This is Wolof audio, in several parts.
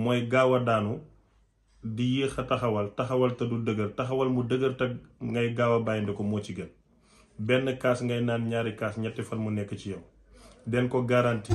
mooy gaaw a daanu di yéex a taxawal taxawal te du dëgër taxawal mu dëgër te ngay gaaw a bàyyindi ko moo ci gën benn kaas ngay naan ñaari kaas ñetti fan mu nekk ci yow den ko garanti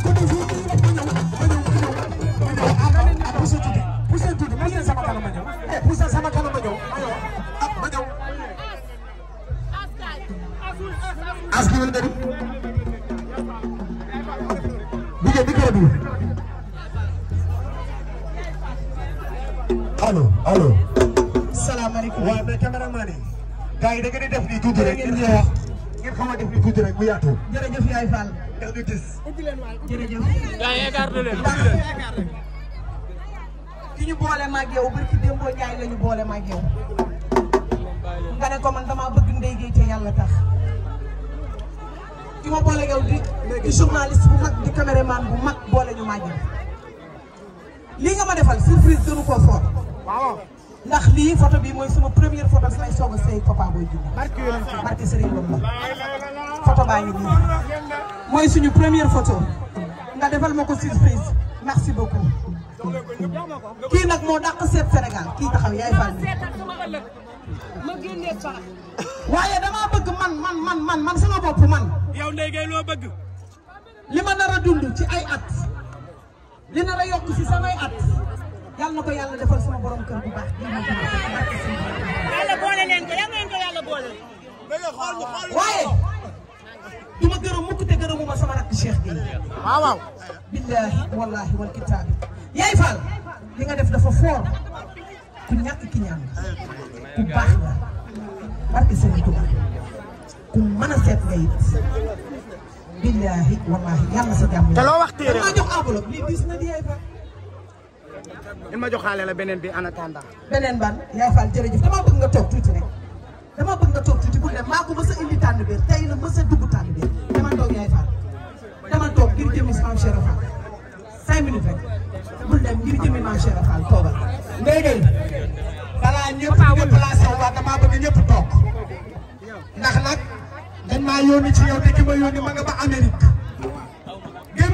yi da ngeen di def nii tuuti rek ngeen wax ngeen xaw a def nii tuuti rek bu yaatu. jërëjëf yaay Fall. ndax ñu gis. jërëjëf. gars yi écarté leen. ki ñu boole ma ak yow barki Demba Ndiaye la ñu boole ma ak yow. nga ne ko man damaa bëgg Ndeye Gueye te yàlla tax. ki ma boole yow di di journaliste bu mag di caméraman bu mag boole ñu ma ak yow. lii nga ma defal surprise gënu ko fort. waaw. ndax lii photo bi mooy suma première photo bi may soog a sëy Papa Boy Djiné barke Serigne Bamba la photo baa ngi nii suñu première photo nga defal ma ko surprise merci beaucoup kii nag moo dàq seet Sénégal kii taxaw yaay Fall waaye damaa bëgg man man yow léegi loo bëgg li ma nar dund ci ay at li nar yokk ci samay at yal na ko yàlla defal sama borom kër bu baax bii moom yàlla boole leen ko yal nañu ko yàlla boole. waaye du ma gërëm mukk te gërëmuma sama rakk Cheikh Gueye. waaw waaw. billaahi wallaahi wal kitaabi. yaay Fall li nga def dafa foor ku ñàkk ki ñaan ku baax la barke Sëriñ Tuubaa ku mën a seet nga it. billaahi wallaahi yàlla sa jàmm. te loo wax téere maa jox enveloppe lii bis na di yaay Fall. in ma joxaale la beneen bi en attendant beneen ban yaa faal jërëjëf dama bëgg nga toog tuuti rek dama bëgg nga toog tuuti bu ne maa ko mës a indi tànn biir tey la mës a dugg tànn biir dama toog yaay faal dama toog ngir jëmi maam Cheikh Fall cinq minutes rek bul dem ngir jëmi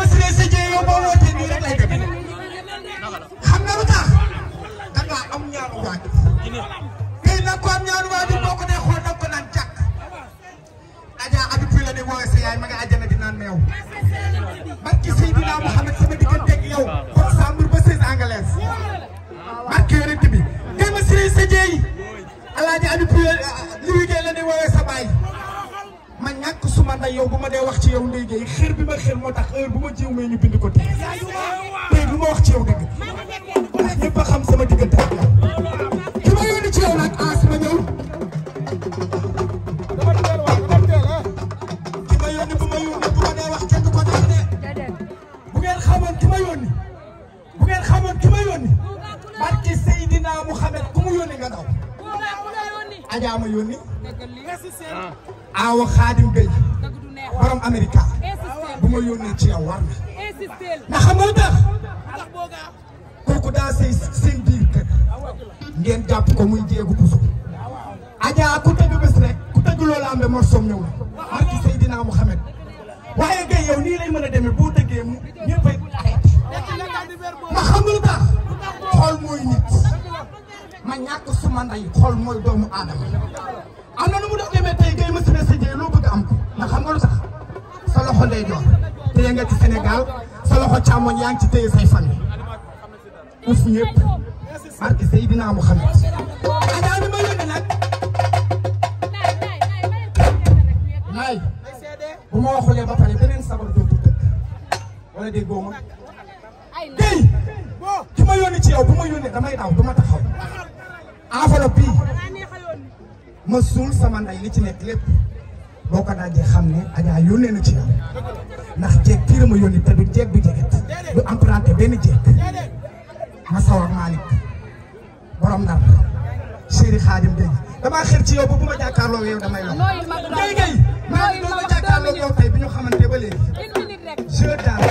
sa jee yow boo wootee nii rek a demee xam nga lu tax da ngaa am ñaanu waajur kii nag ko am ñaanu ko dee xool nag ko naan càkk ajaa puy la ne woowe sa yaay ma nga àjjana di naan meew barki Seydina Mouhamed sama diggante ak yow kon sambur ba seize anglais barki yonent bi dema siri sa jeey alaaji abi puy la ne woowe ñàkk suma na yow bu ma dee wax ci yow Ndeye Gueye bi ma xër moo tax heure bu ma jiw mee ñu bind ko tey ma ci yow dëgg ndax a ma yónni ci yow nag aas ah, ma ñëw bu ma dee wax kenn ko dee de xamoon ki ma yónni bu xamoon ki ma yónni barke Seydina Mouhamed ku mu yónni nga daw Adja yónni aawa xaadim béy borom Amerika bu ma yónnee ci yow war na ndax xam nga lu tax kër ngeen jàpp ko muy jéegu puso Adja ku tëgg bés rek ku tëgg loola am be morsoom ñëw na barki Seydina Muhammad waaye gay yow nii lay mën a demee boo dëggee mu ñëpp ay arrêté ndax xool mooy nit ma ñàkk suma xool mooy doomu aadama am na nu mu doon demee tey ngay mës na séddee loo bëgg am ko ndax xam nga lu ndey door téye nga ci Sénégal sa loxo yaa ngi ci téye say famille uf ñëpp barke Seydina ma yónni nag naay bu ma waxulee ba pare beneen sabar dootu dëkk wala déggoo ma déy ci yow bu ma yónnee damay daw du ma taxaw enveloppe bii ma suul sama nday li ci nekk lépp boo ko daajee xam ne Adja yónnee na ci yow ndax jeeg kii ma yónni te du jeeg bi jeget du emprunté benn jeeg ma sawar Malick borom ndar chéri xaadim dégg damaa xër ci yow ba bu ma jàkkaarloo yow damay lool. nooyul ma gën a gën nooyul ma gën a gën léegi-léegi maa ngi doon jàkkaarloo yow tey ñu xamante ba léegi. je daal.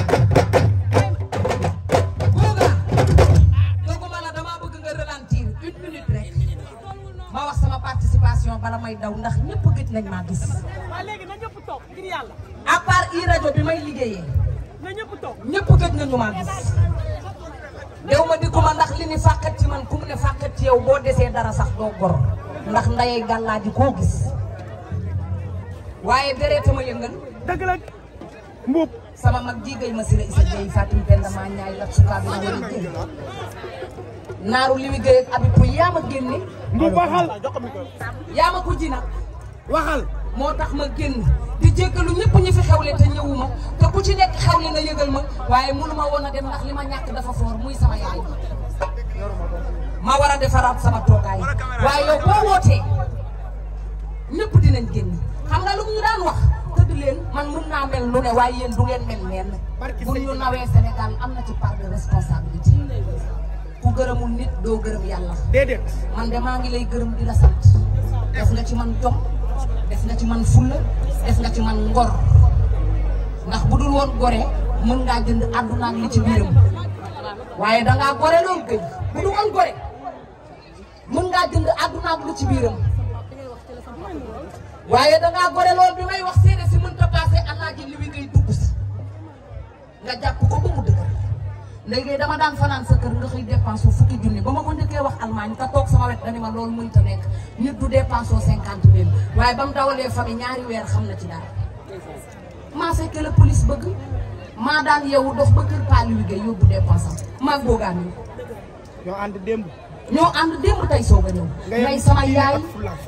dew ma dikkuma ndax li ni fàqat ci man ku mu ne fàqat ci yow boo desee dara sax doo gor ndax nday gàllaa ji koo gis waaye dereetama yëngal dëgg la mbuub sama mag jigéey ma si la isa jëy Fatim Penda maa ñaay la sukaa bi ñëri mu ma génne mbuub waxal yaa ma ko ji nag waxal moo tax ma génn di jéggalu ñëpp ñi fi xewle te ñëwuma te ku ci nekk xewle na yëgal ma waaye mënu ma woon a dem ndax li ma ñàkk dafa foor muy sama yaay ma war a defaraat sama toogaay waaye yow boo wootee ñëpp dinañ génn xam nga lu ñu daan wax tëdd leen man mun naa mel lu ne waaye yéen du ngeen mel lenn bu ñu nawee Sénégal am na ci part de responsabilité ku gërëmul nit doo gërëm yàlla déedéet man de maa ngi lay gërëm di la sant def nga ci man jom des nga ci man fulla des nga ci man ngor ndax bu dul woon gore mën ngaa jënd àdduna li ci biiram waaye dangaa gore loolu gëj bu dul woon gore mën ngaa jënd àdduna li ci biiram waaye dangaa gore lool bi may wax seede si mënta paase allah ji li wi ngay dugg si nga jàpp ko ba mu dëgër léegi dama daan fanaan sa kër nga xëy dépense wu fukki junni ba ma ko njëkkee wax Allemagne te toog sama wet dani ma loolu mënut a nekk nit du dépense cinquante mille waaye ba mu dawalee famille ñaari weer xam na ci dara. maa fekkee la police bëgg maa daan yeewu dox ba kër Paa Louga yóbbu dépense am maa góogaan yi. ñoo ànd démb. ñoo ànd démb tey soog a ñëw. ngay sama yaay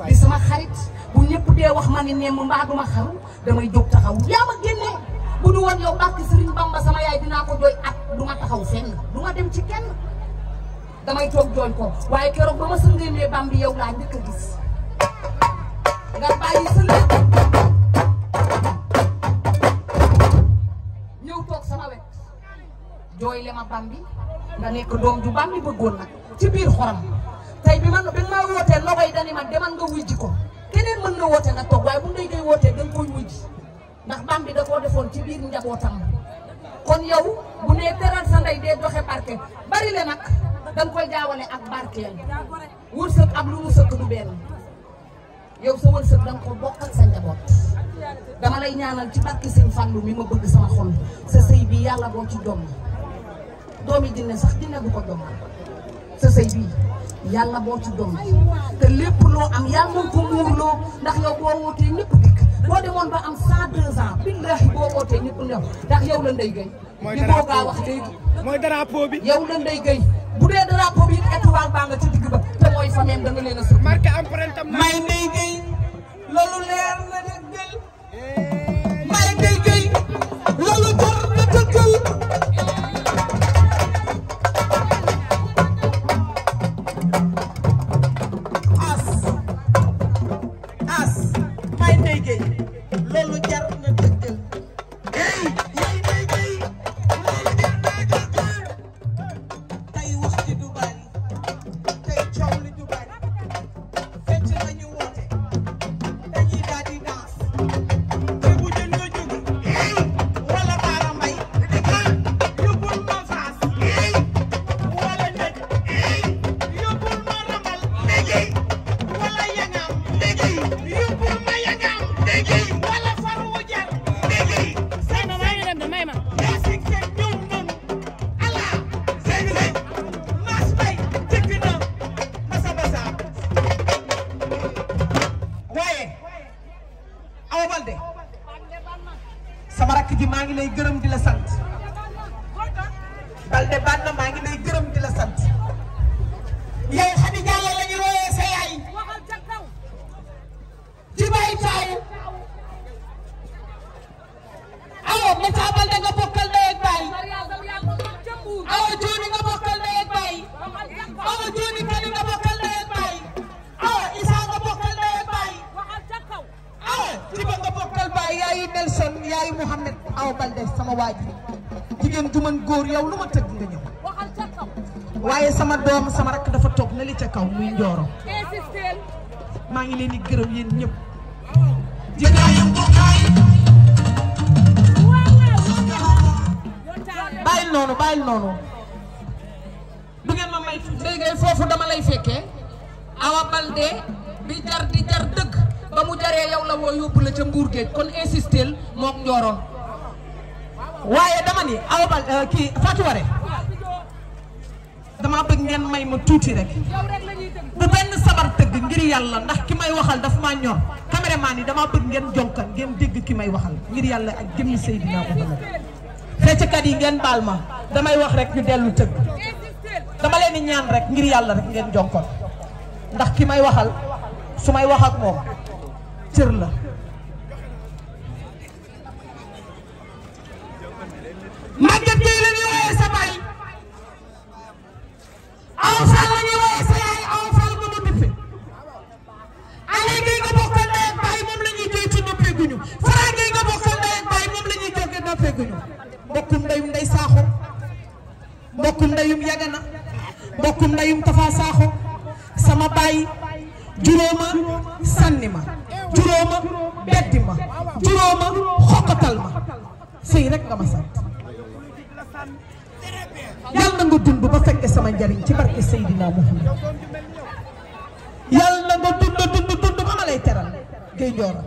di sama xarit bu ñëpp dee wax ma ni nemm mbaa duma xaru damay jóg taxaw yaa ma génne bu du woon yow barke du ma taxaw seen du ma dem ci kenn damay toog jooñ ko waaye keroog ba ma sëngee nee bambi yow laa njëkk a gis nga bàyyi sa lépp ñëw toog sama wet jooy le bambi nga nekk doom ju bambi bëggoon nag ci biir xoram tey bi man bi ma wootee ñaanal ci barke sëñ mi ma bëgg sama sa bi yàlla boo ci doom doomi jinne sax jinne ko doom sa sëy bi yàlla boo ci doom te lépp loo am ko muurloo ndax yow boo wootee ñëpp dikk boo demoon ba boo wootee ñëpp new ndax yow la Ndeye Gueye li boogaa wax léegi bu dee drapeau bi étoile baa nga ci digg ba te mooy fameem da nga leen a së marqué empreinte am may Ndeye Gueye loolu lee jigéen ju mën góor yow lu ma tëgg nga ñëw waaye sama doom sama rakk dafa toog na li ca kaw muy njooro maa ngi leen di gërëm yéen ñëpp bàyyil noonu bàyyil ngeen ma may léegi foofu dama lay fekkee Awa Balde bi jar di jar dëgg ba mu jaree yow la woo yóbbu la ca mbuur géej kon insisteel mook njooroon waaye dama ni Awa Bal euh, kii Fatou Waré dama bëgg ngeen may ma tuuti rek bu benn sabar tëgg ngir yàlla ndax ki may waxal dafa ma ñor caméraman yi dama bëgg ngeen jonkan ngeen dégg ki may waxal ngir yàlla ak jëmmi Seydina Muhammad fecckat yi ngeen baal damay wax rek ñu dellu tëgg dama leen ñaan rek ngir yàlla rek ngeen jonkoon ndax ki may waxal su may wax ak moom cër la dégguñu mbokkum ndeyum ndey saaxo mbokkum ndeyum yagana mbokkum ndeyum tafa saaxo sama baay juróoma sànni ma juróoma beddi ma juróoma xoqatal ma sëy rek nga ma sant yal nga dund ba fekke sama njariñ ci barke Seydina Muhammad yal na nga dund dund ba ma lay teral ngay njoora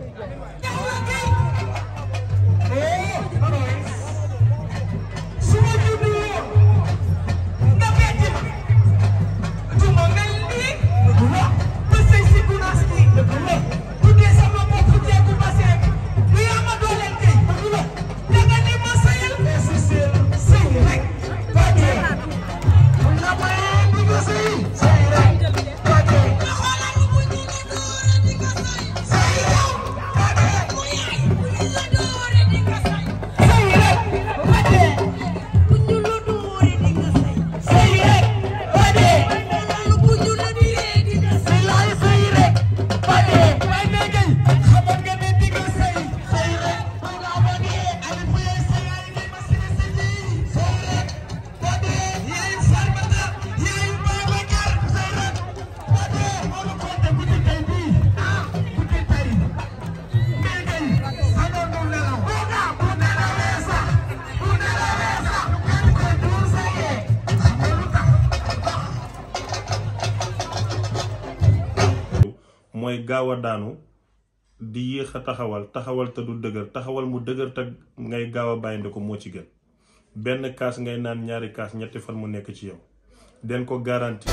mooy gaaw a daanu di yéex a taxawal taxawal te du dëgër taxawal mu dëgër te ngay gaaw a bàyyindi ko moo ci gën benn kaas ngay naan ñaari kaas ñetti fan mu nekk ci yow den ko garanti